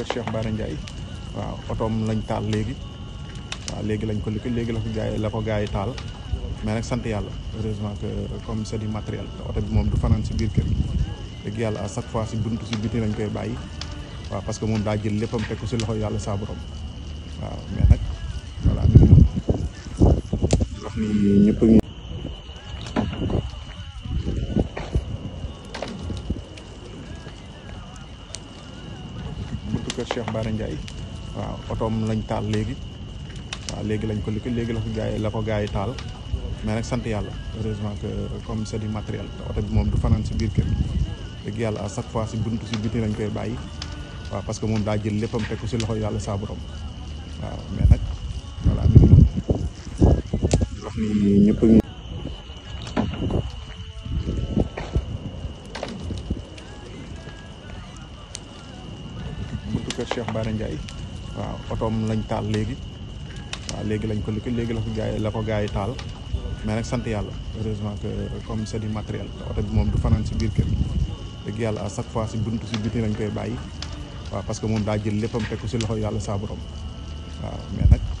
kër Cheikh Bara Ndiaye waaw otoom lañ taal léegi waaw léegi lañ ko léegi la ko gaay la ko gars yi taal mais nag sant yàlla heureusement que comme c'est du matériel te oto bi moom du fanaan si biir kër gi dëgg yàlla à chaque fois si buntu si biti lañ koy bàyyi waaw parce que moom daa jël léppam teg ko si loxo yàlla saa borom waaw mais nag voilà wax ni ñëpp kër Cheikh Bara Ndiaye waaw otoom lañ taal léegi waaw léegi lañ ko liggéey la ko gars yi la ko gars yi taal mais nag sant yàlla heureusement que comme c'est du matériel oto bi moom du fanaan si biir kër dëgg yàlla à chaque fois si buntu si biti lañ koy bàyyi waaw parce que moom daa jël léppam teg ko si loxo yàlla saa borom waaw mais nag voilà mi ngi noonu kër Cheikh Bara Ndiaye waaw otoom lañ taal léegi lañ ko liggéey léegi la ko gaay la ko gaay taal mais nag sant yàlla heureusement que comme c'est du matériel oto bi moom du fanaan si biir kër gi dëgg yàlla à si buntu si biti lañ koy bàyyi waaw parce que moom daa jël léppam teg ko si loxo yàlla saa borom waaw mais